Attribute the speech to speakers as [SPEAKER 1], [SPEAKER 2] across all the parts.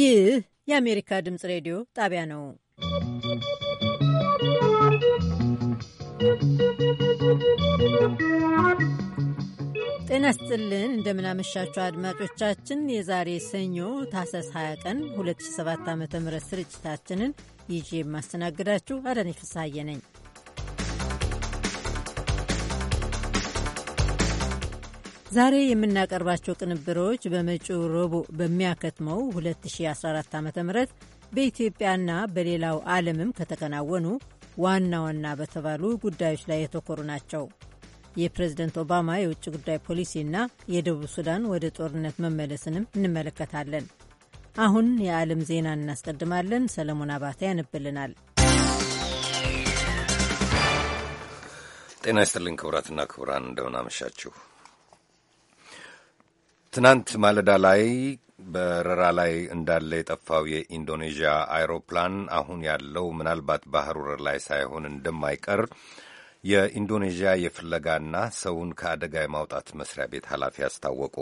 [SPEAKER 1] ይህ የአሜሪካ ድምፅ ሬዲዮ ጣቢያ ነው። ጤና ስጥልን፣ እንደምናመሻችሁ አድማጮቻችን። የዛሬ ሰኞ ታህሳስ 20 ቀን 2007 ም ስርጭታችንን ይዤ የማስተናግዳችሁ አዳነች ፍስሐዬ ነኝ። ዛሬ የምናቀርባቸው ቅንብሮች በመጪው ረቡዕ በሚያከትመው 2014 ዓ ም በኢትዮጵያና በሌላው ዓለምም ከተከናወኑ ዋና ዋና በተባሉ ጉዳዮች ላይ የተኮሩ ናቸው። የፕሬዝደንት ኦባማ የውጭ ጉዳይ ፖሊሲና የደቡብ ሱዳን ወደ ጦርነት መመለስንም እንመለከታለን። አሁን የዓለም ዜና እናስቀድማለን። ሰለሞን አባተ ያነብልናል።
[SPEAKER 2] ጤና ይስጥልኝ ክቡራትና ክቡራን፣ እንደምናመሻችሁ። ትናንት ማለዳ ላይ በረራ ላይ እንዳለ የጠፋው የኢንዶኔዥያ አይሮፕላን አሁን ያለው ምናልባት ባህር ወረር ላይ ሳይሆን እንደማይቀር የኢንዶኔዥያ የፍለጋና ሰውን ከአደጋ የማውጣት መስሪያ ቤት ኃላፊ አስታወቁ።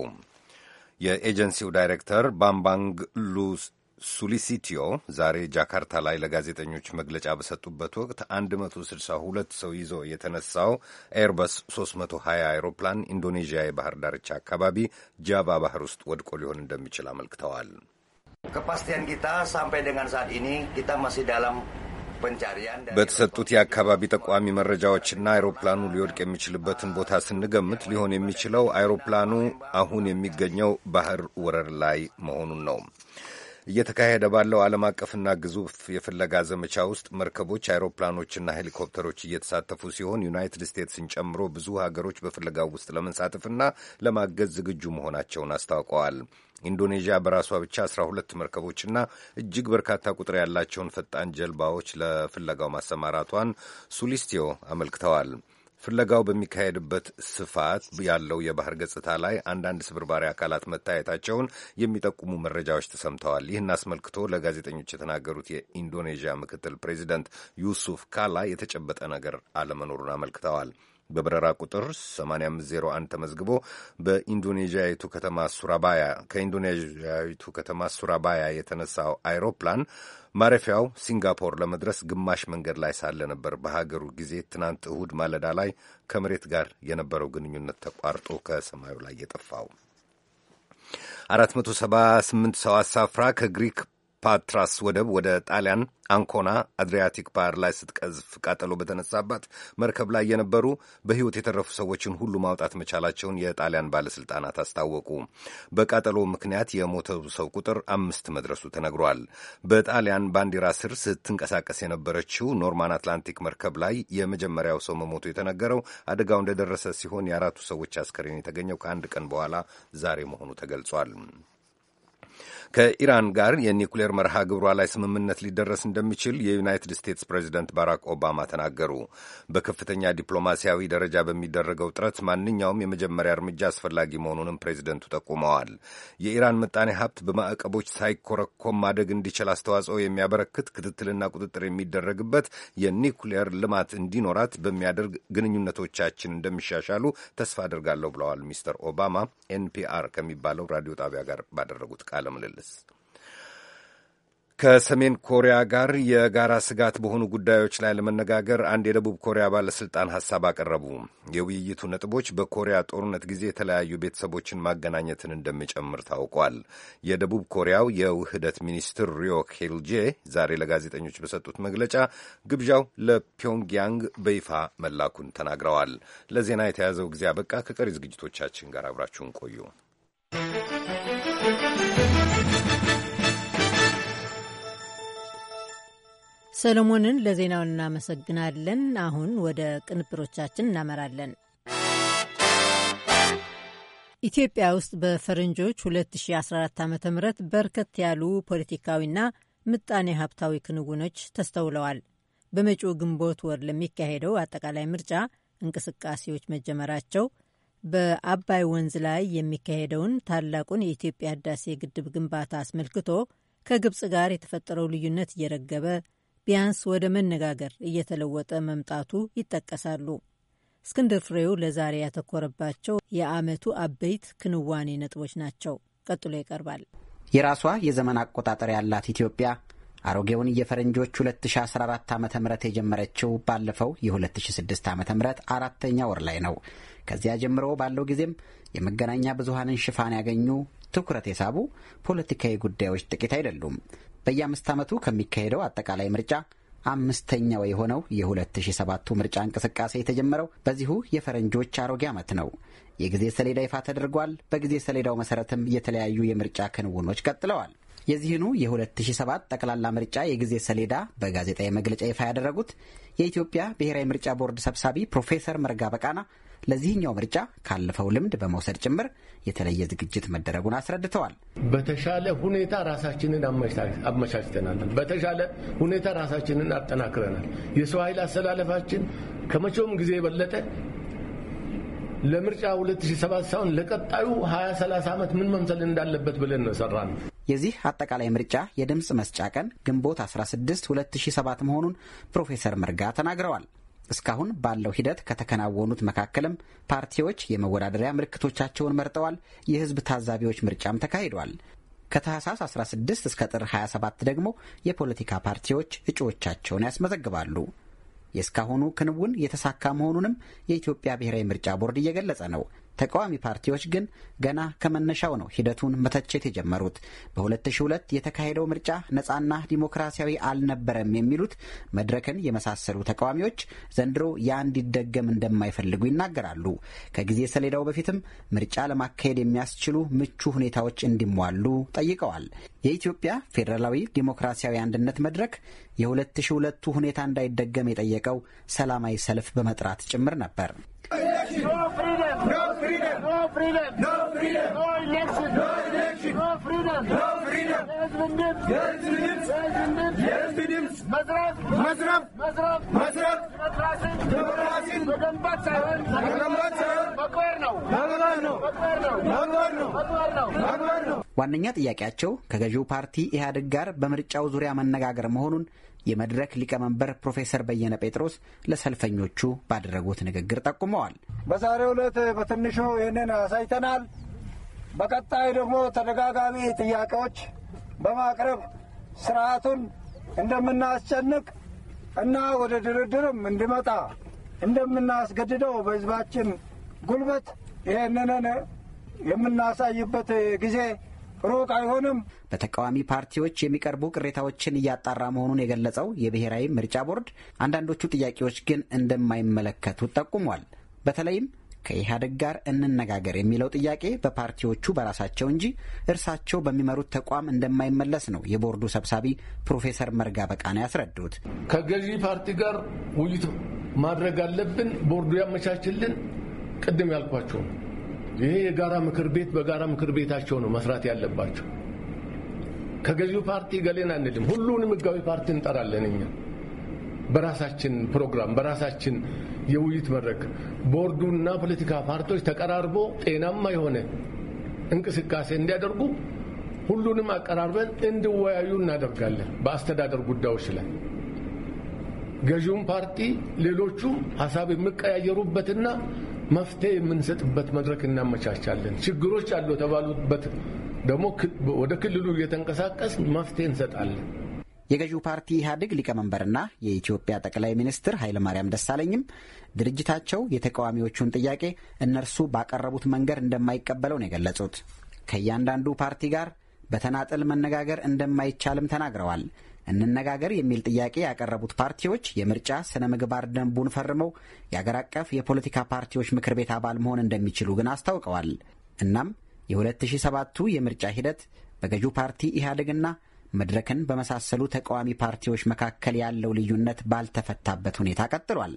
[SPEAKER 2] የኤጀንሲው ዳይሬክተር ባምባንግ ሱሊሲቲዮ ዛሬ ጃካርታ ላይ ለጋዜጠኞች መግለጫ በሰጡበት ወቅት 162 ሰው ይዞ የተነሳው ኤርበስ 320 አይሮፕላን ኢንዶኔዥያ የባህር ዳርቻ አካባቢ ጃቫ ባህር ውስጥ ወድቆ ሊሆን እንደሚችል አመልክተዋል። ከፓስቲያን ደንጋን ኢኒ ዳላም በተሰጡት የአካባቢ ጠቋሚ መረጃዎችና አይሮፕላኑ ሊወድቅ የሚችልበትን ቦታ ስንገምት ሊሆን የሚችለው አይሮፕላኑ አሁን የሚገኘው ባህር ወረር ላይ መሆኑን ነው። እየተካሄደ ባለው ዓለም አቀፍና ግዙፍ የፍለጋ ዘመቻ ውስጥ መርከቦች፣ አይሮፕላኖችና ሄሊኮፕተሮች እየተሳተፉ ሲሆን ዩናይትድ ስቴትስን ጨምሮ ብዙ ሀገሮች በፍለጋው ውስጥ ለመንሳተፍና ለማገዝ ዝግጁ መሆናቸውን አስታውቀዋል። ኢንዶኔዥያ በራሷ ብቻ 12 መርከቦችና እጅግ በርካታ ቁጥር ያላቸውን ፈጣን ጀልባዎች ለፍለጋው ማሰማራቷን ሱሊስቲዮ አመልክተዋል። ፍለጋው በሚካሄድበት ስፋት ያለው የባህር ገጽታ ላይ አንዳንድ ስብርባሪ አካላት መታየታቸውን የሚጠቁሙ መረጃዎች ተሰምተዋል። ይህን አስመልክቶ ለጋዜጠኞች የተናገሩት የኢንዶኔዥያ ምክትል ፕሬዚደንት ዩሱፍ ካላ የተጨበጠ ነገር አለመኖሩን አመልክተዋል። በበረራ ቁጥር 8501 ተመዝግቦ በኢንዶኔዥያዊቱ ከተማ ሱራባያ ከኢንዶኔዥያዊቱ ከተማ ሱራባያ የተነሳው አይሮፕላን ማረፊያው ሲንጋፖር ለመድረስ ግማሽ መንገድ ላይ ሳለ ነበር በሀገሩ ጊዜ ትናንት እሁድ ማለዳ ላይ ከመሬት ጋር የነበረው ግንኙነት ተቋርጦ ከሰማዩ ላይ የጠፋው። 478 ሰው አሳፍራ ከግሪክ ፓትራስ ወደብ ወደ ጣሊያን አንኮና አድሪያቲክ ባህር ላይ ስትቀዝፍ ቃጠሎ በተነሳባት መርከብ ላይ የነበሩ በሕይወት የተረፉ ሰዎችን ሁሉ ማውጣት መቻላቸውን የጣሊያን ባለሥልጣናት አስታወቁ። በቃጠሎ ምክንያት የሞተው ሰው ቁጥር አምስት መድረሱ ተነግሯል። በጣሊያን ባንዲራ ስር ስትንቀሳቀስ የነበረችው ኖርማን አትላንቲክ መርከብ ላይ የመጀመሪያው ሰው መሞቱ የተነገረው አደጋው እንደደረሰ ሲሆን የአራቱ ሰዎች አስከሬን የተገኘው ከአንድ ቀን በኋላ ዛሬ መሆኑ ተገልጿል። ከኢራን ጋር የኒውክሌር መርሃ ግብሯ ላይ ስምምነት ሊደረስ እንደሚችል የዩናይትድ ስቴትስ ፕሬዚደንት ባራክ ኦባማ ተናገሩ። በከፍተኛ ዲፕሎማሲያዊ ደረጃ በሚደረገው ጥረት ማንኛውም የመጀመሪያ እርምጃ አስፈላጊ መሆኑንም ፕሬዚደንቱ ጠቁመዋል። የኢራን ምጣኔ ሀብት በማዕቀቦች ሳይኮረኮም ማደግ እንዲችል አስተዋጽኦ የሚያበረክት ክትትልና ቁጥጥር የሚደረግበት የኒውክሌር ልማት እንዲኖራት በሚያደርግ ግንኙነቶቻችን እንደሚሻሻሉ ተስፋ አድርጋለሁ ብለዋል ሚስተር ኦባማ ኤንፒአር ከሚባለው ራዲዮ ጣቢያ ጋር ባደረጉት ቃለ ምልል ይመልስ። ከሰሜን ኮሪያ ጋር የጋራ ስጋት በሆኑ ጉዳዮች ላይ ለመነጋገር አንድ የደቡብ ኮሪያ ባለሥልጣን ሐሳብ አቀረቡ። የውይይቱ ነጥቦች በኮሪያ ጦርነት ጊዜ የተለያዩ ቤተሰቦችን ማገናኘትን እንደሚጨምር ታውቋል። የደቡብ ኮሪያው የውህደት ሚኒስትር ሪዮ ሄልጄ ዛሬ ለጋዜጠኞች በሰጡት መግለጫ ግብዣው ለፒዮንግያንግ በይፋ መላኩን ተናግረዋል። ለዜና የተያዘው ጊዜ አበቃ። ከቀሪ ዝግጅቶቻችን ጋር አብራችሁን ቆዩ።
[SPEAKER 1] ሰለሞንን ለዜናው እናመሰግናለን። አሁን ወደ ቅንብሮቻችን እናመራለን። ኢትዮጵያ ውስጥ በፈረንጆች 2014 ዓ ም በርከት ያሉ ፖለቲካዊና ምጣኔ ሀብታዊ ክንውኖች ተስተውለዋል። በመጪው ግንቦት ወር ለሚካሄደው አጠቃላይ ምርጫ እንቅስቃሴዎች መጀመራቸው፣ በአባይ ወንዝ ላይ የሚካሄደውን ታላቁን የኢትዮጵያ ህዳሴ ግድብ ግንባታ አስመልክቶ ከግብፅ ጋር የተፈጠረው ልዩነት እየረገበ ቢያንስ ወደ መነጋገር እየተለወጠ መምጣቱ ይጠቀሳሉ። እስክንድር ፍሬው ለዛሬ ያተኮረባቸው የአመቱ አበይት ክንዋኔ ነጥቦች ናቸው። ቀጥሎ ይቀርባል።
[SPEAKER 3] የራሷ የዘመን አቆጣጠር ያላት ኢትዮጵያ አሮጌውን የፈረንጆች 2014 ዓ ም የጀመረችው ባለፈው የ2006 ዓ ም አራተኛ ወር ላይ ነው። ከዚያ ጀምሮ ባለው ጊዜም የመገናኛ ብዙሃንን ሽፋን ያገኙ ትኩረት የሳቡ ፖለቲካዊ ጉዳዮች ጥቂት አይደሉም። በየአምስት ዓመቱ ከሚካሄደው አጠቃላይ ምርጫ አምስተኛው የሆነው የ2007ቱ ምርጫ እንቅስቃሴ የተጀመረው በዚሁ የፈረንጆች አሮጌ ዓመት ነው። የጊዜ ሰሌዳ ይፋ ተደርጓል። በጊዜ ሰሌዳው መሰረትም የተለያዩ የምርጫ ክንውኖች ቀጥለዋል። የዚህኑ የ2007 ጠቅላላ ምርጫ የጊዜ ሰሌዳ በጋዜጣዊ መግለጫ ይፋ ያደረጉት የኢትዮጵያ ብሔራዊ ምርጫ ቦርድ ሰብሳቢ ፕሮፌሰር መርጋ በቃና ለዚህኛው ምርጫ ካለፈው ልምድ በመውሰድ ጭምር የተለየ ዝግጅት መደረጉን አስረድተዋል። በተሻለ ሁኔታ ራሳችንን አመቻችተናል። በተሻለ ሁኔታ ራሳችንን አጠናክረናል።
[SPEAKER 4] የሰው ኃይል አሰላለፋችን ከመቼውም ጊዜ የበለጠ ለምርጫ
[SPEAKER 3] 2007 ሳይሆን ለቀጣዩ 2030 ዓመት ምን መምሰል እንዳለበት ብለን ነው የሰራነው። የዚህ አጠቃላይ ምርጫ የድምፅ መስጫ ቀን ግንቦት 16 2007 መሆኑን ፕሮፌሰር መርጋ ተናግረዋል። እስካሁን ባለው ሂደት ከተከናወኑት መካከልም ፓርቲዎች የመወዳደሪያ ምልክቶቻቸውን መርጠዋል። የህዝብ ታዛቢዎች ምርጫም ተካሂዷል። ከታህሳስ 16 እስከ ጥር 27 ደግሞ የፖለቲካ ፓርቲዎች እጩዎቻቸውን ያስመዘግባሉ። የእስካሁኑ ክንውን የተሳካ መሆኑንም የኢትዮጵያ ብሔራዊ ምርጫ ቦርድ እየገለጸ ነው። ተቃዋሚ ፓርቲዎች ግን ገና ከመነሻው ነው ሂደቱን መተቸት የጀመሩት። በ2002 የተካሄደው ምርጫ ነፃና ዲሞክራሲያዊ አልነበረም የሚሉት መድረክን የመሳሰሉ ተቃዋሚዎች ዘንድሮ ያ እንዲደገም እንደማይፈልጉ ይናገራሉ። ከጊዜ ሰሌዳው በፊትም ምርጫ ለማካሄድ የሚያስችሉ ምቹ ሁኔታዎች እንዲሟሉ ጠይቀዋል። የኢትዮጵያ ፌዴራላዊ ዲሞክራሲያዊ አንድነት መድረክ የ2002ቱ ሁኔታ እንዳይደገም የጠየቀው ሰላማዊ ሰልፍ በመጥራት ጭምር ነበር።
[SPEAKER 5] freedom! No freedom! No election! No election! No freedom! No freedom!
[SPEAKER 3] ዋነኛ ጥያቄያቸው ከገዢው ፓርቲ ኢህአዴግ ጋር በምርጫው ዙሪያ መነጋገር መሆኑን የመድረክ ሊቀመንበር ፕሮፌሰር በየነ ጴጥሮስ ለሰልፈኞቹ ባደረጉት ንግግር ጠቁመዋል።
[SPEAKER 4] በዛሬው ዕለት በትንሹ ይህንን አሳይተናል። በቀጣይ ደግሞ ተደጋጋሚ ጥያቄዎች በማቅረብ ስርዓቱን እንደምናስጨንቅ እና ወደ ድርድርም እንዲመጣ እንደምናስገድደው በህዝባችን ጉልበት ይህንን የምናሳይበት ጊዜ
[SPEAKER 3] ሩቅ አይሆንም። በተቃዋሚ ፓርቲዎች የሚቀርቡ ቅሬታዎችን እያጣራ መሆኑን የገለጸው የብሔራዊ ምርጫ ቦርድ አንዳንዶቹ ጥያቄዎች ግን እንደማይመለከቱት ጠቁሟል። በተለይም ከኢህአዴግ ጋር እንነጋገር የሚለው ጥያቄ በፓርቲዎቹ በራሳቸው እንጂ እርሳቸው በሚመሩት ተቋም እንደማይመለስ ነው የቦርዱ ሰብሳቢ ፕሮፌሰር መርጋ በቃና ያስረዱት።
[SPEAKER 4] ከገዢ ፓርቲ ጋር ውይይት ማድረግ አለብን። ቦርዱ ያመቻችልን ቅድም ያልኳቸው ይሄ የጋራ ምክር ቤት በጋራ ምክር ቤታቸው ነው መስራት ያለባቸው። ከገዢው ፓርቲ ገሌን አንልም። ሁሉንም ህጋዊ ፓርቲ እንጠራለን እኛ በራሳችን ፕሮግራም በራሳችን የውይይት መድረክ ቦርዱና ፖለቲካ ፓርቲዎች ተቀራርቦ ጤናማ የሆነ እንቅስቃሴ እንዲያደርጉ ሁሉንም አቀራርበን እንዲወያዩ እናደርጋለን። በአስተዳደር ጉዳዮች ላይ ገዢውም ፓርቲ ሌሎቹም ሀሳብ የሚቀያየሩበትና መፍትሄ የምንሰጥበት መድረክ እናመቻቻለን። ችግሮች አሉ የተባሉበት ደግሞ ወደ ክልሉ
[SPEAKER 3] እየተንቀሳቀስ መፍትሄ እንሰጣለን። የገዢው ፓርቲ ኢህአዴግ ሊቀመንበርና የኢትዮጵያ ጠቅላይ ሚኒስትር ኃይለማርያም ደሳለኝም ድርጅታቸው የተቃዋሚዎቹን ጥያቄ እነርሱ ባቀረቡት መንገድ እንደማይቀበለው ነው የገለጹት። ከእያንዳንዱ ፓርቲ ጋር በተናጠል መነጋገር እንደማይቻልም ተናግረዋል። እንነጋገር የሚል ጥያቄ ያቀረቡት ፓርቲዎች የምርጫ ስነ ምግባር ደንቡን ፈርመው የአገር አቀፍ የፖለቲካ ፓርቲዎች ምክር ቤት አባል መሆን እንደሚችሉ ግን አስታውቀዋል። እናም የ2007ቱ የምርጫ ሂደት በገዢው ፓርቲ ኢህአዴግና መድረክን በመሳሰሉ ተቃዋሚ ፓርቲዎች መካከል ያለው ልዩነት ባልተፈታበት ሁኔታ ቀጥሏል።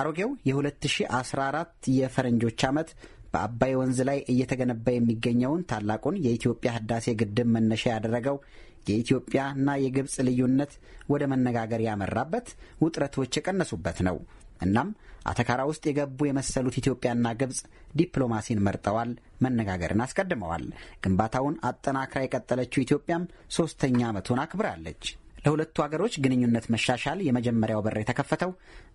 [SPEAKER 3] አሮጌው የ2014 የፈረንጆች ዓመት በአባይ ወንዝ ላይ እየተገነባ የሚገኘውን ታላቁን የኢትዮጵያ ህዳሴ ግድብ መነሻ ያደረገው የኢትዮጵያና የግብፅ ልዩነት ወደ መነጋገር ያመራበት፣ ውጥረቶች የቀነሱበት ነው። እናም አተካራ ውስጥ የገቡ የመሰሉት ኢትዮጵያና ግብፅ ዲፕሎማሲን መርጠዋል፣ መነጋገርን አስቀድመዋል። ግንባታውን አጠናክራ የቀጠለችው ኢትዮጵያም ሶስተኛ ዓመቱን አክብራለች። ለሁለቱ አገሮች ግንኙነት መሻሻል የመጀመሪያው በር የተከፈተው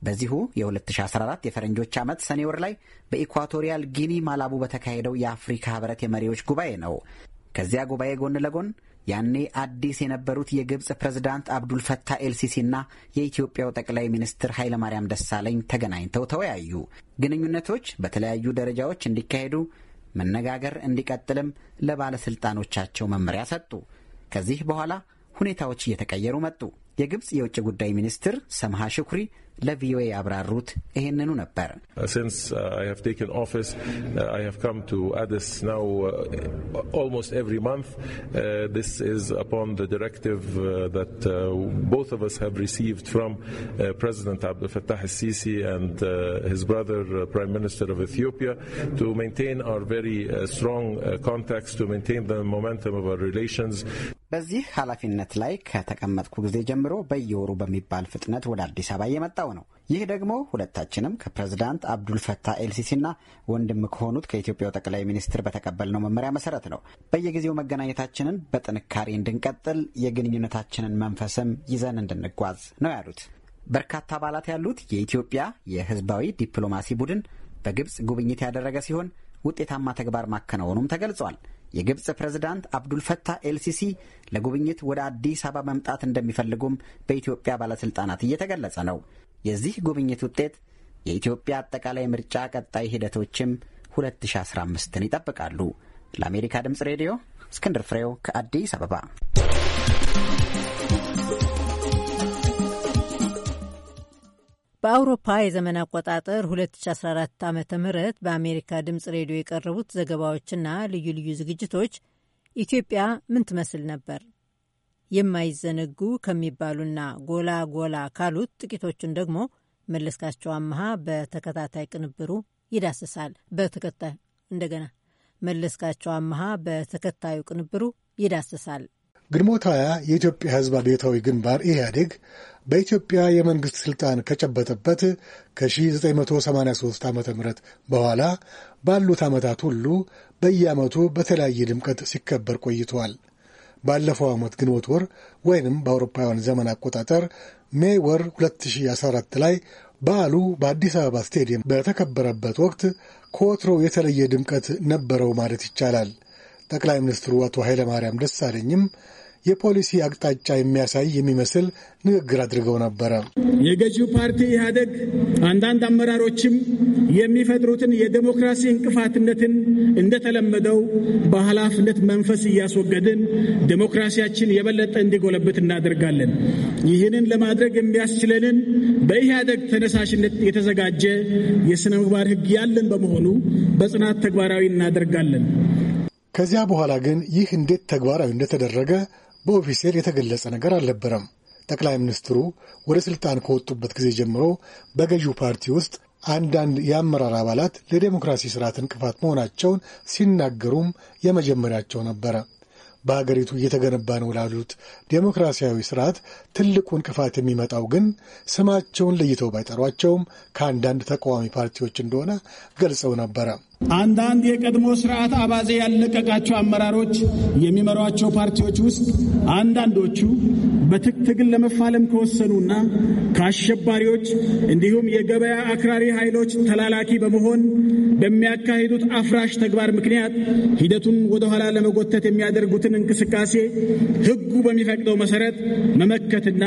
[SPEAKER 3] በዚሁ የ2014 የፈረንጆች ዓመት ሰኔ ወር ላይ በኢኳቶሪያል ጊኒ ማላቡ በተካሄደው የአፍሪካ ህብረት የመሪዎች ጉባኤ ነው። ከዚያ ጉባኤ ጎን ለጎን ያኔ አዲስ የነበሩት የግብፅ ፕሬዝዳንት አብዱልፈታህ ኤልሲሲና የኢትዮጵያው ጠቅላይ ሚኒስትር ኃይለማርያም ደሳለኝ ተገናኝተው ተወያዩ። ግንኙነቶች በተለያዩ ደረጃዎች እንዲካሄዱ መነጋገር እንዲቀጥልም ለባለስልጣኖቻቸው መመሪያ ሰጡ። ከዚህ በኋላ ሁኔታዎች እየተቀየሩ መጡ። የግብፅ የውጭ ጉዳይ ሚኒስትር ሰምሃ ሽኩሪ ለቪኦኤ ያብራሩት ይህንኑ ነበር። በዚህ ኃላፊነት ላይ ከተቀመጥኩ ጊዜ ጀምሮ በየወሩ በሚባል ፍጥነት ወደ አዲስ አበባ የመጣው ሁኔታው ነው። ይህ ደግሞ ሁለታችንም ከፕሬዝዳንት አብዱልፈታህ ኤልሲሲና ወንድም ከሆኑት ከኢትዮጵያው ጠቅላይ ሚኒስትር በተቀበልነው መመሪያ መሰረት ነው። በየጊዜው መገናኘታችንን በጥንካሬ እንድንቀጥል የግንኙነታችንን መንፈስም ይዘን እንድንጓዝ ነው ያሉት። በርካታ አባላት ያሉት የኢትዮጵያ የህዝባዊ ዲፕሎማሲ ቡድን በግብፅ ጉብኝት ያደረገ ሲሆን ውጤታማ ተግባር ማከናወኑም ተገልጿል። የግብፅ ፕሬዝዳንት አብዱልፈታህ ኤልሲሲ ለጉብኝት ወደ አዲስ አበባ መምጣት እንደሚፈልጉም በኢትዮጵያ ባለስልጣናት እየተገለጸ ነው። የዚህ ጉብኝት ውጤት የኢትዮጵያ አጠቃላይ ምርጫ ቀጣይ ሂደቶችም 2015ን ይጠብቃሉ። ለአሜሪካ ድምፅ ሬዲዮ እስክንድር ፍሬው ከአዲስ አበባ።
[SPEAKER 1] በአውሮፓ የዘመን አቆጣጠር 2014 ዓ ም በአሜሪካ ድምፅ ሬዲዮ የቀረቡት ዘገባዎችና ልዩ ልዩ ዝግጅቶች ኢትዮጵያ ምን ትመስል ነበር? የማይዘነጉ ከሚባሉና ጎላ ጎላ ካሉት ጥቂቶቹን ደግሞ መለስካቸው አመሃ በተከታታይ ቅንብሩ ይዳስሳል። በተከታዩ እንደገና መለስካቸው አመሃ በተከታዩ ቅንብሩ ይዳስሳል።
[SPEAKER 4] ግንቦት ሃያ የኢትዮጵያ ህዝብ አብዮታዊ ግንባር ኢህአዴግ በኢትዮጵያ የመንግሥት ሥልጣን ከጨበጠበት ከ1983 ዓ ም በኋላ ባሉት ዓመታት ሁሉ በየዓመቱ በተለያየ ድምቀት ሲከበር ቆይቷል። ባለፈው ዓመት ግንቦት ወር ወይንም በአውሮፓውያን ዘመን አቆጣጠር ሜይ ወር 2014 ላይ በዓሉ በአዲስ አበባ ስቴዲየም በተከበረበት ወቅት ከወትሮው የተለየ ድምቀት ነበረው ማለት ይቻላል። ጠቅላይ ሚኒስትሩ አቶ ኃይለማርያም ደሳለኝም የፖሊሲ አቅጣጫ የሚያሳይ የሚመስል ንግግር አድርገው ነበረ። የገዢው ፓርቲ ኢህአደግ አንዳንድ አመራሮችም የሚፈጥሩትን የዴሞክራሲ እንቅፋትነትን እንደተለመደው በኃላፊነት መንፈስ እያስወገድን ዴሞክራሲያችን የበለጠ እንዲጎለብት እናደርጋለን። ይህንን ለማድረግ የሚያስችለንን በኢህአደግ ተነሳሽነት የተዘጋጀ የሥነ ምግባር ሕግ ያለን በመሆኑ በጽናት ተግባራዊ እናደርጋለን። ከዚያ በኋላ ግን ይህ እንዴት ተግባራዊ እንደተደረገ በኦፊሴል የተገለጸ ነገር አልነበረም። ጠቅላይ ሚኒስትሩ ወደ ስልጣን ከወጡበት ጊዜ ጀምሮ በገዢው ፓርቲ ውስጥ አንዳንድ የአመራር አባላት ለዴሞክራሲ ስርዓት እንቅፋት መሆናቸውን ሲናገሩም የመጀመሪያቸው ነበረ። በሀገሪቱ እየተገነባ ነው ላሉት ዴሞክራሲያዊ ስርዓት ትልቁ እንቅፋት የሚመጣው ግን ስማቸውን ለይተው ባይጠሯቸውም ከአንዳንድ ተቃዋሚ ፓርቲዎች እንደሆነ ገልጸው ነበረ። አንዳንድ የቀድሞ ስርዓት አባዜ ያለቀቃቸው አመራሮች የሚመሯቸው ፓርቲዎች ውስጥ አንዳንዶቹ በትጥቅ ለመፋለም ለመፋለም ከወሰኑና ከአሸባሪዎች እንዲሁም የገበያ አክራሪ ኃይሎች ተላላኪ በመሆን በሚያካሂዱት አፍራሽ ተግባር ምክንያት ሂደቱን ወደኋላ ለመጎተት የሚያደርጉትን እንቅስቃሴ ሕጉ በሚፈቅደው መሰረት መመከትና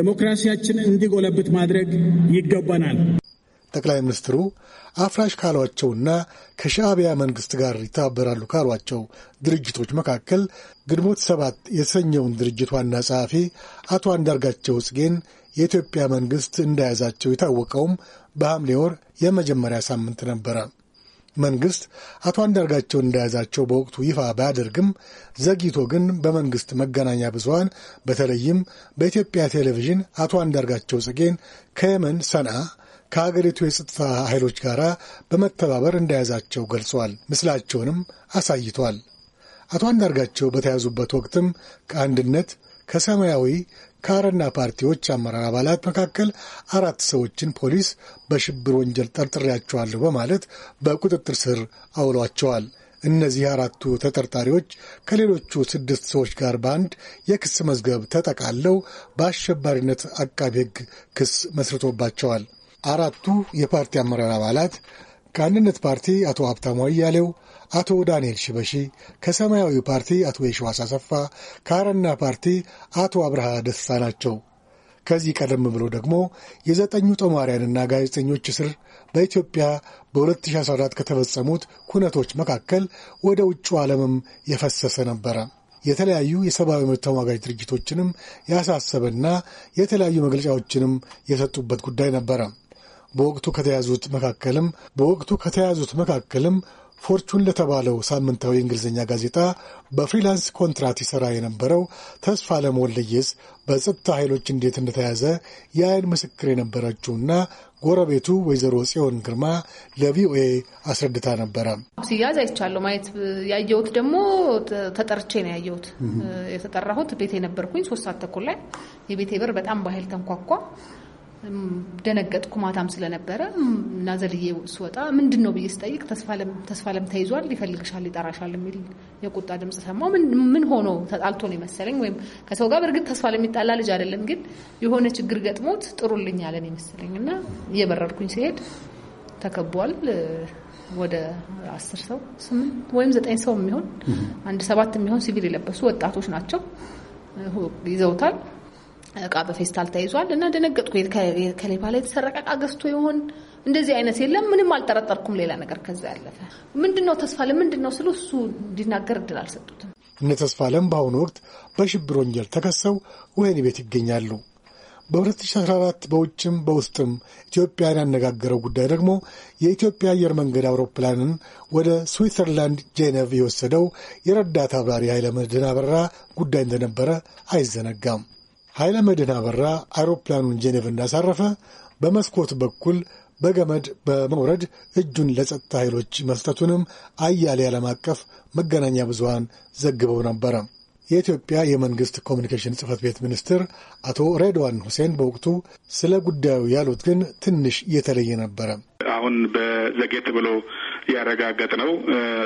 [SPEAKER 4] ዴሞክራሲያችን እንዲጎለብት ማድረግ ይገባናል። ጠቅላይ ሚኒስትሩ አፍራሽ ካሏቸውና ከሻዕቢያ መንግስት ጋር ይተባበራሉ ካሏቸው ድርጅቶች መካከል ግንቦት ሰባት የተሰኘውን ድርጅት ዋና ጸሐፊ አቶ አንዳርጋቸው ጽጌን የኢትዮጵያ መንግስት እንደያዛቸው የታወቀውም በሐምሌ ወር የመጀመሪያ ሳምንት ነበረ። መንግስት አቶ አንዳርጋቸው እንደያዛቸው በወቅቱ ይፋ ባያደርግም ዘግይቶ ግን በመንግስት መገናኛ ብዙሃን በተለይም በኢትዮጵያ ቴሌቪዥን አቶ አንዳርጋቸው ጽጌን ከየመን ሰንዓ ከአገሪቱ የጸጥታ ኃይሎች ጋር በመተባበር እንደያዛቸው ገልጿል። ምስላቸውንም አሳይቷል። አቶ አንዳርጋቸው በተያዙበት ወቅትም ከአንድነት፣ ከሰማያዊ፣ ከአረና ፓርቲዎች አመራር አባላት መካከል አራት ሰዎችን ፖሊስ በሽብር ወንጀል ጠርጥሬያቸዋለሁ በማለት በቁጥጥር ስር አውሏቸዋል። እነዚህ አራቱ ተጠርጣሪዎች ከሌሎቹ ስድስት ሰዎች ጋር በአንድ የክስ መዝገብ ተጠቃለው በአሸባሪነት አቃቢ ሕግ ክስ መስርቶባቸዋል። አራቱ የፓርቲ አመራር አባላት ከአንድነት ፓርቲ አቶ ሀብታሙ አያሌው፣ አቶ ዳንኤል ሽበሺ፣ ከሰማያዊ ፓርቲ አቶ የሸዋስ አሰፋ፣ ከአረና ፓርቲ አቶ አብርሃ ደስታ ናቸው። ከዚህ ቀደም ብሎ ደግሞ የዘጠኙ ጦማሪያንና ጋዜጠኞች እስር በኢትዮጵያ በ2014 ከተፈጸሙት ኩነቶች መካከል ወደ ውጭው ዓለምም የፈሰሰ ነበረ። የተለያዩ የሰብአዊ መብት ተሟጋጅ ድርጅቶችንም ያሳሰበና የተለያዩ መግለጫዎችንም የሰጡበት ጉዳይ ነበረ። በወቅቱ ከተያዙት መካከልም በወቅቱ ከተያዙት መካከልም ፎርቹን ለተባለው ሳምንታዊ እንግሊዝኛ ጋዜጣ በፍሪላንስ ኮንትራት ይሠራ የነበረው ተስፋ ለመወለየስ ወልደየስ በጸጥታ ኃይሎች እንዴት እንደተያዘ የአይን ምስክር የነበረችውና ጎረቤቱ ወይዘሮ ጽዮን ግርማ ለቪኦኤ አስረድታ ነበረ።
[SPEAKER 6] ሲያዝ አይቻለሁ። ማየት ያየሁት ደግሞ ተጠርቼ ነው ያየሁት። የተጠራሁት ቤቴ ነበርኩኝ። ሶስት ሰዓት ተኩል ላይ የቤቴ በር በጣም በኃይል ተንኳኳ። ደነገጥኩ። ማታም ስለነበረ እና ዘልዬ ስወጣ ምንድን ነው ብዬ ስጠይቅ ተስፋለም ተይዟል፣ ይፈልግሻል፣ ይጠራሻል የሚል የቁጣ ድምጽ ሰማሁ። ምን ሆኖ ተጣልቶ ነው የመሰለኝ ወይም ከሰው ጋር በእርግጥ ተስፋለም የሚጣላ ልጅ አይደለም፣ ግን የሆነ ችግር ገጥሞት ጥሩልኝ ያለን የመሰለኝ እና እየበረርኩኝ ሲሄድ ተከቧል። ወደ አስር ሰው ስምንት ወይም ዘጠኝ ሰው የሚሆን አንድ ሰባት የሚሆን ሲቪል የለበሱ ወጣቶች ናቸው ይዘውታል። እቃ በፌስታል ተይዟል እና ደነገጥኩ። ከሌባ ላይ የተሰረቀ እቃ ገዝቶ ይሆን? እንደዚህ አይነት የለም። ምንም አልጠረጠርኩም ሌላ ነገር ከዛ ያለፈ። ምንድነው ተስፋ ለም ምንድነው ስለ እሱ እንዲናገር እድል አልሰጡትም።
[SPEAKER 4] እነ ተስፋ ለም በአሁኑ ወቅት በሽብር ወንጀል ተከሰው ወህኒ ቤት ይገኛሉ። በ2014 በውጭም በውስጥም ኢትዮጵያን ያነጋገረው ጉዳይ ደግሞ የኢትዮጵያ አየር መንገድ አውሮፕላንን ወደ ስዊትዘርላንድ ጄኔቭ የወሰደው የረዳት አብራሪ ኃይለመድህን አበራ ጉዳይ እንደነበረ አይዘነጋም። ኃይለ መድህን አበራ አውሮፕላኑን ጄኔቭ እንዳሳረፈ በመስኮት በኩል በገመድ በመውረድ እጁን ለጸጥታ ኃይሎች መስጠቱንም አያሌ ዓለም አቀፍ መገናኛ ብዙሃን ዘግበው ነበረ። የኢትዮጵያ የመንግስት ኮሚኒኬሽን ጽህፈት ቤት ሚኒስትር አቶ ሬድዋን ሁሴን በወቅቱ ስለ ጉዳዩ ያሉት ግን ትንሽ የተለየ ነበረ። አሁን በዘጌት ብሎ ያረጋገጥ ነው።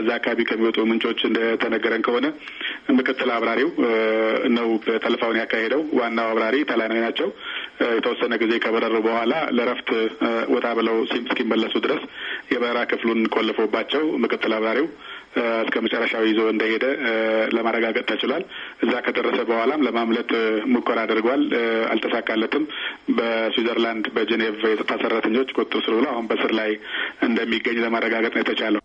[SPEAKER 4] እዛ አካባቢ ከሚወጡ ምንጮች እንደተነገረን ከሆነ ምክትል አብራሪው ነው ጠለፋውን ያካሄደው። ዋናው አብራሪ ተላናዊ ናቸው። የተወሰነ ጊዜ ከበረሩ በኋላ ለረፍት ወጣ ብለው ሲም እስኪመለሱ ድረስ የበረራ ክፍሉን ቆልፎባቸው ምክትል አብራሪው እስከ መጨረሻው ይዞ እንደሄደ ለማረጋገጥ ተችሏል። እዛ ከደረሰ በኋላም ለማምለጥ ሙከራ አድርጓል፣ አልተሳካለትም። በስዊዘርላንድ በጄኔቭ የጸጥታ ሰራተኞች ቁጥጥር ስር ብሎ አሁን በስር ላይ እንደሚገኝ ለማረጋገጥ ነው የተቻለው።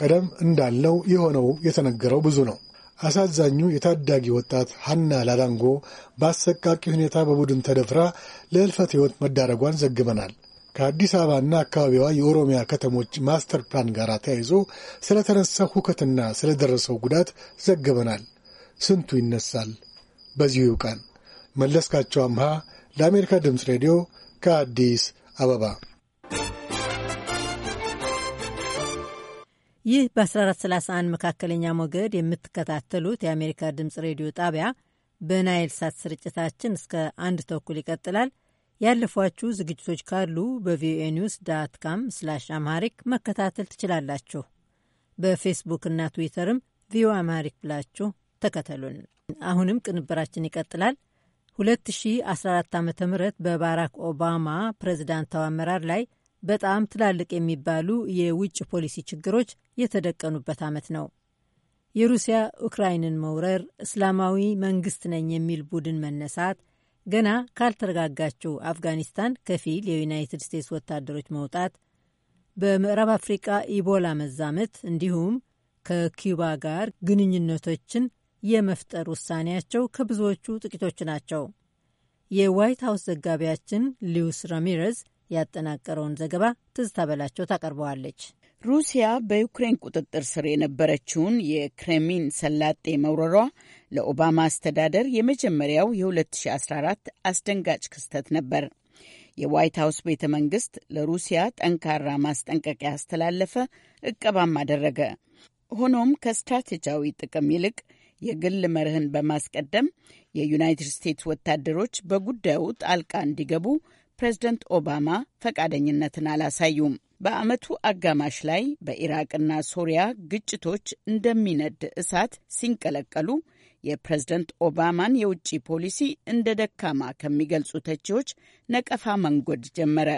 [SPEAKER 4] ቀደም እንዳለው የሆነው የተነገረው ብዙ ነው። አሳዛኙ የታዳጊ ወጣት ሀና ላላንጎ በአሰቃቂ ሁኔታ በቡድን ተደፍራ ለህልፈት ህይወት መዳረጓን ዘግበናል። ከአዲስ አበባና አካባቢዋ የኦሮሚያ ከተሞች ማስተር ፕላን ጋር ተያይዞ ስለተነሳ ሁከትና ስለደረሰው ጉዳት ዘግበናል። ስንቱ ይነሳል። በዚሁ ይውቃል። መለስካቸው አምሃ ለአሜሪካ ድምፅ ሬዲዮ ከአዲስ አበባ።
[SPEAKER 1] ይህ በ1431 መካከለኛ ሞገድ የምትከታተሉት የአሜሪካ ድምፅ ሬዲዮ ጣቢያ በናይል ሳት ስርጭታችን እስከ አንድ ተኩል ይቀጥላል። ያለፏችሁ ዝግጅቶች ካሉ በቪኦኤ ኒውስ ዳት ካም ስላሽ አምሃሪክ መከታተል ትችላላችሁ። በፌስቡክና ትዊተርም ቪኦኤ አምሃሪክ ብላችሁ ተከተሉን። አሁንም ቅንብራችን ይቀጥላል። 2014 ዓ ም በባራክ ኦባማ ፕሬዚዳንታዊ አመራር ላይ በጣም ትላልቅ የሚባሉ የውጭ ፖሊሲ ችግሮች የተደቀኑበት ዓመት ነው። የሩሲያ ኡክራይንን መውረር፣ እስላማዊ መንግስት ነኝ የሚል ቡድን መነሳት፣ ገና ካልተረጋጋችው አፍጋኒስታን ከፊል የዩናይትድ ስቴትስ ወታደሮች መውጣት፣ በምዕራብ አፍሪቃ ኢቦላ መዛመት፣ እንዲሁም ከኪዩባ ጋር ግንኙነቶችን የመፍጠር ውሳኔያቸው ከብዙዎቹ ጥቂቶቹ ናቸው። የዋይት ሀውስ ዘጋቢያችን ሊዩስ ራሚረዝ
[SPEAKER 6] ያጠናቀረውን ዘገባ ትዝታ በላቸው ታቀርበዋለች። ሩሲያ በዩክሬን ቁጥጥር ስር የነበረችውን የክሬሚን ሰላጤ መውረሯ ለኦባማ አስተዳደር የመጀመሪያው የ2014 አስደንጋጭ ክስተት ነበር። የዋይት ሀውስ ቤተ መንግስት ለሩሲያ ጠንካራ ማስጠንቀቂያ አስተላለፈ፣ እቀባም አደረገ። ሆኖም ከስትራቴጂያዊ ጥቅም ይልቅ የግል መርህን በማስቀደም የዩናይትድ ስቴትስ ወታደሮች በጉዳዩ ጣልቃ እንዲገቡ ፕሬዝደንት ኦባማ ፈቃደኝነትን አላሳዩም። በዓመቱ አጋማሽ ላይ በኢራቅና ሶሪያ ግጭቶች እንደሚነድ እሳት ሲንቀለቀሉ የፕሬዝደንት ኦባማን የውጭ ፖሊሲ እንደ ደካማ ከሚገልጹ ተቺዎች ነቀፋ መንጎድ ጀመረ።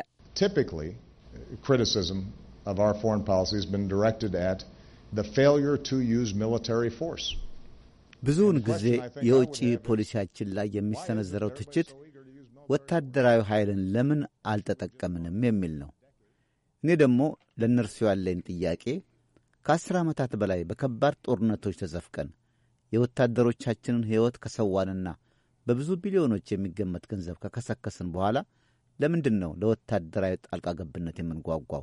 [SPEAKER 5] ብዙውን ጊዜ የውጭ ፖሊሲያችን ላይ የሚሰነዘረው ትችት ወታደራዊ ኃይልን ለምን አልተጠቀምንም የሚል ነው። እኔ ደግሞ ለእነርሱ ያለኝ ጥያቄ ከአስር ዓመታት በላይ በከባድ ጦርነቶች ተዘፍቀን የወታደሮቻችንን ሕይወት ከሰዋንና በብዙ ቢሊዮኖች የሚገመት ገንዘብ ከከሰከስን በኋላ ለምንድን ነው ለወታደራዊ ጣልቃ ገብነት የምንጓጓው?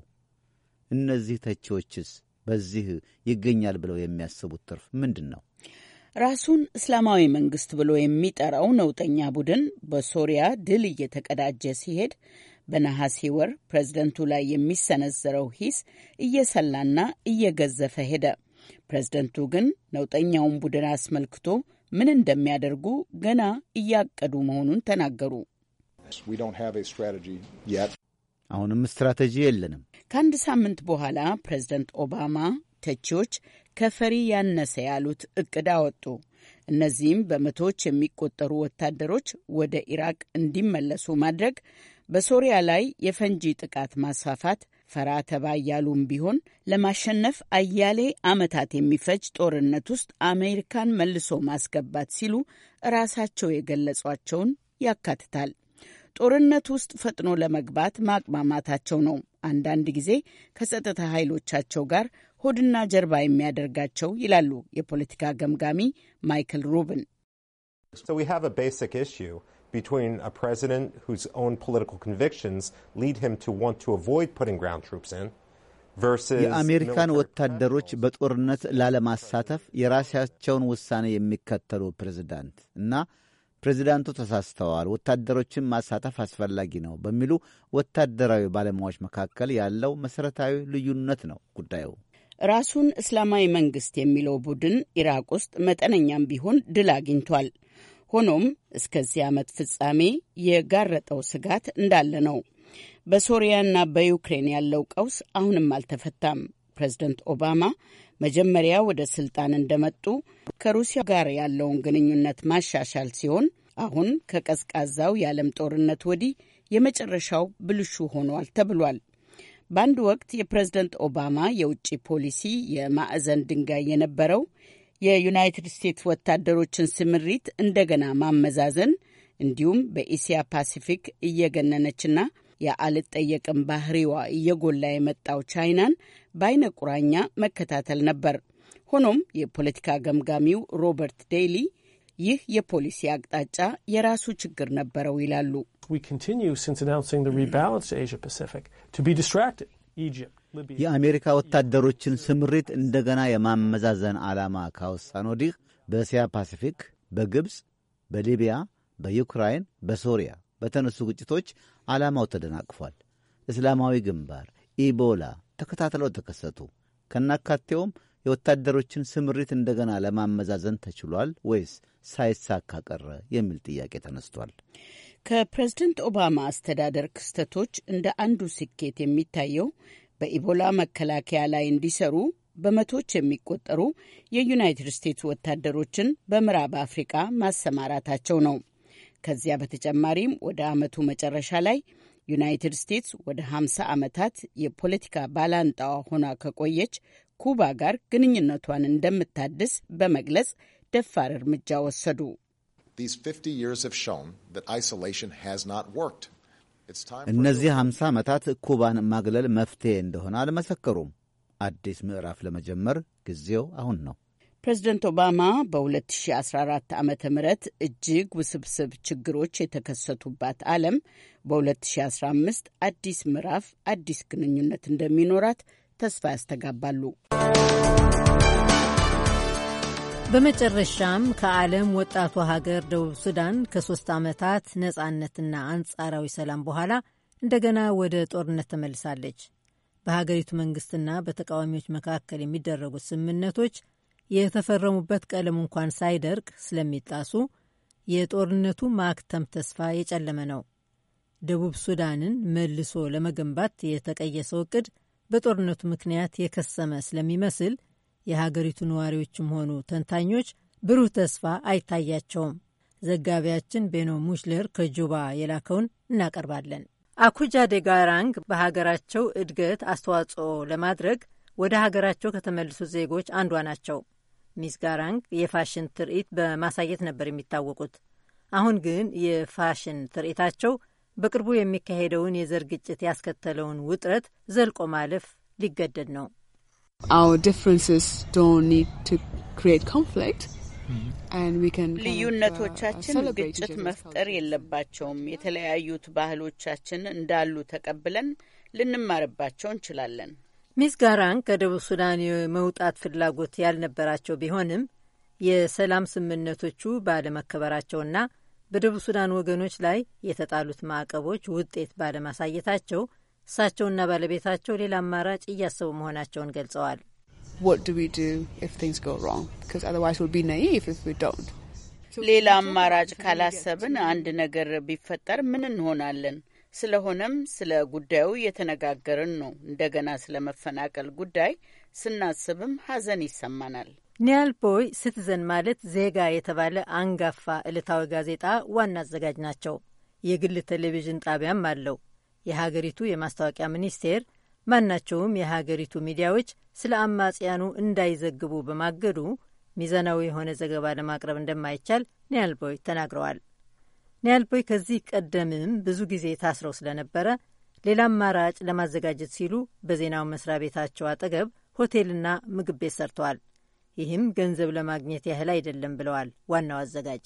[SPEAKER 5] እነዚህ ተቺዎችስ በዚህ ይገኛል ብለው የሚያስቡት ትርፍ ምንድን ነው?
[SPEAKER 6] ራሱን እስላማዊ መንግስት ብሎ የሚጠራው ነውጠኛ ቡድን በሶሪያ ድል እየተቀዳጀ ሲሄድ በነሐሴ ወር ፕሬዝደንቱ ላይ የሚሰነዘረው ሂስ እየሰላና እየገዘፈ ሄደ። ፕሬዝደንቱ ግን ነውጠኛውን ቡድን አስመልክቶ ምን እንደሚያደርጉ ገና እያቀዱ መሆኑን ተናገሩ።
[SPEAKER 5] አሁንም ስትራቴጂ የለንም።
[SPEAKER 6] ከአንድ ሳምንት በኋላ ፕሬዝደንት ኦባማ ተቺዎች ከፈሪ ያነሰ ያሉት እቅድ አወጡ። እነዚህም በመቶዎች የሚቆጠሩ ወታደሮች ወደ ኢራቅ እንዲመለሱ ማድረግ፣ በሶሪያ ላይ የፈንጂ ጥቃት ማስፋፋት፣ ፈራ ተባ እያሉም ቢሆን ለማሸነፍ አያሌ ዓመታት የሚፈጅ ጦርነት ውስጥ አሜሪካን መልሶ ማስገባት ሲሉ ራሳቸው የገለጿቸውን ያካትታል። ጦርነት ውስጥ ፈጥኖ ለመግባት ማቅማማታቸው ነው። አንዳንድ ጊዜ ከጸጥታ ኃይሎቻቸው ጋር ሆድና ጀርባ የሚያደርጋቸው ይላሉ የፖለቲካ ገምጋሚ ማይክል ሩብን።
[SPEAKER 2] between a president whose own political convictions lead him to want to avoid putting ground troops in የአሜሪካን
[SPEAKER 5] ወታደሮች በጦርነት ላለማሳተፍ የራሳቸውን ውሳኔ የሚከተሉ ፕሬዝዳንት እና ፕሬዝዳንቱ ተሳስተዋል፣ ወታደሮችን ማሳተፍ አስፈላጊ ነው በሚሉ
[SPEAKER 6] ወታደራዊ ባለሙያዎች መካከል ያለው መሠረታዊ ልዩነት ነው ጉዳዩ። ራሱን እስላማዊ መንግሥት የሚለው ቡድን ኢራቅ ውስጥ መጠነኛም ቢሆን ድል አግኝቷል። ሆኖም እስከዚህ ዓመት ፍጻሜ የጋረጠው ስጋት እንዳለ ነው። በሶሪያና በዩክሬን ያለው ቀውስ አሁንም አልተፈታም። ፕሬዝደንት ኦባማ መጀመሪያ ወደ ስልጣን እንደመጡ ከሩሲያ ጋር ያለውን ግንኙነት ማሻሻል ሲሆን አሁን ከቀዝቃዛው የዓለም ጦርነት ወዲህ የመጨረሻው ብልሹ ሆኗል ተብሏል። በአንድ ወቅት የፕሬዝደንት ኦባማ የውጭ ፖሊሲ የማዕዘን ድንጋይ የነበረው የዩናይትድ ስቴትስ ወታደሮችን ስምሪት እንደገና ማመዛዘን እንዲሁም በኤስያ ፓሲፊክ እየገነነችና የአልጠየቅም ባህሪዋ እየጎላ የመጣው ቻይናን በአይነ ቁራኛ መከታተል ነበር። ሆኖም የፖለቲካ ገምጋሚው ሮበርት ዴይሊ ይህ የፖሊሲ አቅጣጫ የራሱ ችግር ነበረው ይላሉ።
[SPEAKER 5] የአሜሪካ ወታደሮችን ስምሪት እንደገና የማመዛዘን ዓላማ ካወሳን ወዲህ በእስያ ፓሲፊክ፣ በግብፅ፣ በሊቢያ፣ በዩክራይን፣ በሶሪያ በተነሱ ግጭቶች ዓላማው ተደናቅፏል። እስላማዊ ግንባር፣ ኢቦላ ተከታትለው ተከሰቱ። ከናካቴውም የወታደሮችን ስምሪት እንደገና ለማመዛዘን ተችሏል ወይስ ሳይሳካ ቀረ የሚል ጥያቄ ተነስቷል።
[SPEAKER 6] ከፕሬዝደንት ኦባማ አስተዳደር ክስተቶች እንደ አንዱ ስኬት የሚታየው በኢቦላ መከላከያ ላይ እንዲሰሩ በመቶዎች የሚቆጠሩ የዩናይትድ ስቴትስ ወታደሮችን በምዕራብ አፍሪቃ ማሰማራታቸው ነው። ከዚያ በተጨማሪም ወደ ዓመቱ መጨረሻ ላይ ዩናይትድ ስቴትስ ወደ 50 ዓመታት የፖለቲካ ባላንጣዋ ሆና ከቆየች ኩባ ጋር ግንኙነቷን እንደምታድስ በመግለጽ ደፋር እርምጃ ወሰዱ።
[SPEAKER 5] These 50 years have shown that isolation has not worked. እነዚህ ሀምሳ ዓመታት ኩባን ማግለል መፍትሄ እንደሆነ አልመሰከሩም። አዲስ ምዕራፍ ለመጀመር ጊዜው አሁን ነው።
[SPEAKER 6] ፕሬዝደንት ኦባማ በ2014 ዓ ም እጅግ ውስብስብ ችግሮች የተከሰቱባት ዓለም በ2015 አዲስ ምዕራፍ፣ አዲስ ግንኙነት እንደሚኖራት ተስፋ ያስተጋባሉ። በመጨረሻም ከዓለም ወጣቷ ሀገር
[SPEAKER 1] ደቡብ ሱዳን ከሶስት ዓመታት ነጻነትና አንጻራዊ ሰላም በኋላ እንደገና ወደ ጦርነት ተመልሳለች። በሀገሪቱ መንግስትና በተቃዋሚዎች መካከል የሚደረጉት ስምምነቶች የተፈረሙበት ቀለም እንኳን ሳይደርቅ ስለሚጣሱ የጦርነቱ ማክተም ተስፋ የጨለመ ነው። ደቡብ ሱዳንን መልሶ ለመገንባት የተቀየሰው እቅድ በጦርነቱ ምክንያት የከሰመ ስለሚመስል የሀገሪቱ ነዋሪዎችም ሆኑ ተንታኞች ብሩህ ተስፋ አይታያቸውም። ዘጋቢያችን ቤኖ ሙሽለር ከጁባ የላከውን እናቀርባለን። አኩጃ ዴጋራንግ በሀገራቸው እድገት አስተዋጽኦ ለማድረግ ወደ ሀገራቸው ከተመልሱ ዜጎች አንዷ ናቸው። ሚስ ጋራንግ የፋሽን ትርኢት በማሳየት ነበር የሚታወቁት። አሁን ግን የፋሽን ትርኢታቸው በቅርቡ የሚካሄደውን የዘር ግጭት ያስከተለውን ውጥረት ዘልቆ ማለፍ ሊገደድ ነው።
[SPEAKER 6] ልዩነቶቻችን ግጭት መፍጠር የለባቸውም። የተለያዩት ባህሎቻችን እንዳሉ ተቀብለን ልንማርባቸው እንችላለን።
[SPEAKER 1] ሚስ ጋራን ከደቡብ ሱዳን የመውጣት ፍላጎት ያልነበራቸው ቢሆንም የሰላም ስምምነቶቹ ባለመከበራቸውና በደቡብ ሱዳን ወገኖች ላይ የተጣሉት ማዕቀቦች ውጤት ባለማሳየታቸው እሳቸውና ባለቤታቸው ሌላ አማራጭ እያሰቡ መሆናቸውን ገልጸዋል።
[SPEAKER 6] ሌላ አማራጭ ካላሰብን አንድ ነገር ቢፈጠር ምን እንሆናለን? ስለሆነም ስለ ጉዳዩ እየተነጋገርን ነው። እንደገና ስለ መፈናቀል ጉዳይ ስናስብም ሀዘን ይሰማናል።
[SPEAKER 1] ኒያል ቦይ ሲቲዘን ማለት ዜጋ የተባለ አንጋፋ ዕለታዊ ጋዜጣ ዋና አዘጋጅ ናቸው። የግል ቴሌቪዥን ጣቢያም አለው። የሀገሪቱ የማስታወቂያ ሚኒስቴር ማናቸውም የሀገሪቱ ሚዲያዎች ስለ አማጽያኑ እንዳይዘግቡ በማገዱ ሚዛናዊ የሆነ ዘገባ ለማቅረብ እንደማይቻል ኒያልቦይ ተናግረዋል። ኒያልቦይ ከዚህ ቀደምም ብዙ ጊዜ ታስረው ስለነበረ ሌላ አማራጭ ለማዘጋጀት ሲሉ በዜናው መስሪያ ቤታቸው አጠገብ ሆቴልና ምግብ ቤት ሰርተዋል። ይህም ገንዘብ ለማግኘት ያህል አይደለም ብለዋል ዋናው አዘጋጅ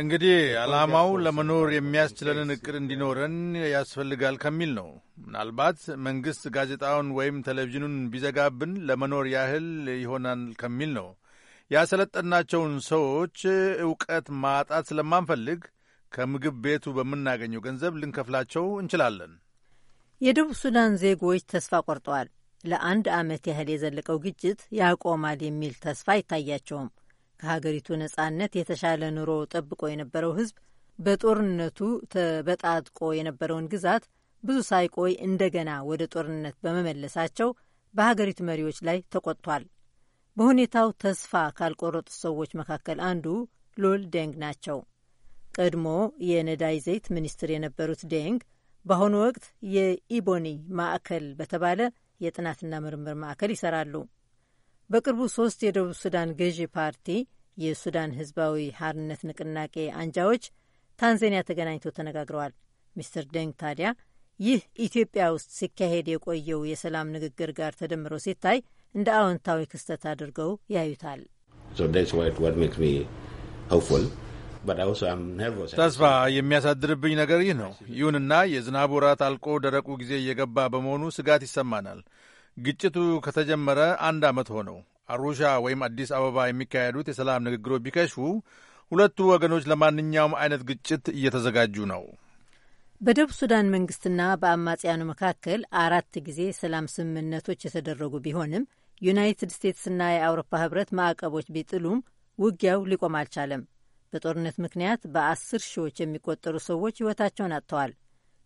[SPEAKER 4] እንግዲህ ዓላማው ለመኖር የሚያስችለንን እቅድ እንዲኖረን ያስፈልጋል ከሚል ነው። ምናልባት መንግሥት ጋዜጣውን ወይም ቴሌቪዥኑን ቢዘጋብን ለመኖር ያህል ይሆናል ከሚል ነው። ያሰለጠናቸውን ሰዎች እውቀት ማጣት ስለማንፈልግ ከምግብ ቤቱ በምናገኘው ገንዘብ ልንከፍላቸው እንችላለን። የደቡብ
[SPEAKER 1] ሱዳን ዜጎች ተስፋ ቆርጠዋል። ለአንድ ዓመት ያህል የዘለቀው ግጭት ያቆማል የሚል ተስፋ አይታያቸውም። ከሀገሪቱ ነጻነት የተሻለ ኑሮ ጠብቆ የነበረው ህዝብ በጦርነቱ ተበጣጥቆ የነበረውን ግዛት ብዙ ሳይቆይ እንደገና ወደ ጦርነት በመመለሳቸው በሀገሪቱ መሪዎች ላይ ተቆጥቷል። በሁኔታው ተስፋ ካልቆረጡት ሰዎች መካከል አንዱ ሎል ዴንግ ናቸው። ቀድሞ የነዳጅ ዘይት ሚኒስትር የነበሩት ዴንግ በአሁኑ ወቅት የኢቦኒ ማዕከል በተባለ የጥናትና ምርምር ማዕከል ይሰራሉ። በቅርቡ ሶስት የደቡብ ሱዳን ገዢ ፓርቲ የሱዳን ህዝባዊ ሀርነት ንቅናቄ አንጃዎች ታንዛኒያ ተገናኝተው ተነጋግረዋል። ሚስተር ደንግ ታዲያ ይህ ኢትዮጵያ ውስጥ ሲካሄድ የቆየው የሰላም ንግግር ጋር ተደምሮ ሲታይ እንደ አዎንታዊ ክስተት አድርገው ያዩታል።
[SPEAKER 2] ተስፋ
[SPEAKER 4] የሚያሳድርብኝ ነገር ይህ ነው። ይሁንና የዝናቡ ወራት አልቆ ደረቁ ጊዜ እየገባ በመሆኑ ስጋት ይሰማናል። ግጭቱ ከተጀመረ አንድ ዓመት ሆነው አሩሻ ወይም አዲስ አበባ የሚካሄዱት የሰላም ንግግሮች ቢከሽፉ ሁለቱ ወገኖች ለማንኛውም አይነት ግጭት እየተዘጋጁ ነው።
[SPEAKER 1] በደቡብ ሱዳን መንግስትና በአማጽያኑ መካከል አራት ጊዜ የሰላም ስምምነቶች የተደረጉ ቢሆንም ዩናይትድ ስቴትስና የአውሮፓ ህብረት ማዕቀቦች ቢጥሉም ውጊያው ሊቆም አልቻለም። በጦርነት ምክንያት በአስር ሺዎች የሚቆጠሩ ሰዎች ሕይወታቸውን አጥተዋል።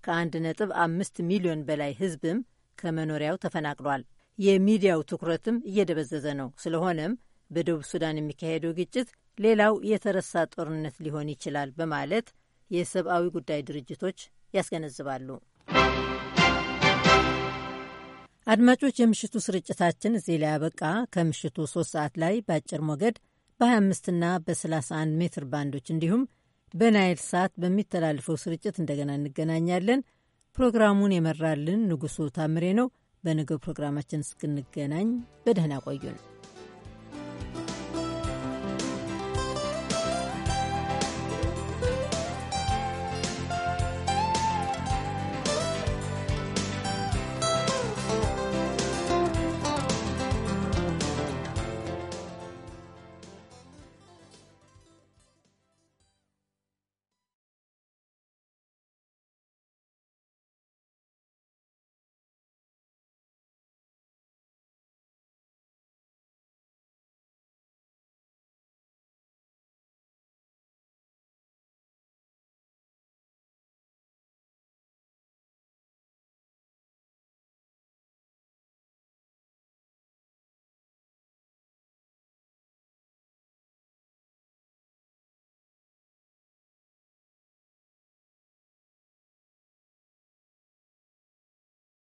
[SPEAKER 1] ከአንድ ነጥብ አምስት ሚሊዮን በላይ ሕዝብም ከመኖሪያው ተፈናቅሏል። የሚዲያው ትኩረትም እየደበዘዘ ነው። ስለሆነም በደቡብ ሱዳን የሚካሄደው ግጭት ሌላው የተረሳ ጦርነት ሊሆን ይችላል በማለት የሰብአዊ ጉዳይ ድርጅቶች ያስገነዝባሉ። አድማጮች፣ የምሽቱ ስርጭታችን እዚህ ላይ ያበቃ። ከምሽቱ ሶስት ሰዓት ላይ በአጭር ሞገድ በ25 ና በ31 ሜትር ባንዶች እንዲሁም በናይል ሳት በሚተላልፈው ስርጭት እንደገና እንገናኛለን። ፕሮግራሙን የመራልን ንጉሱ ታምሬ ነው። በንግብ ፕሮግራማችን እስክንገናኝ በደህና ቆዩን።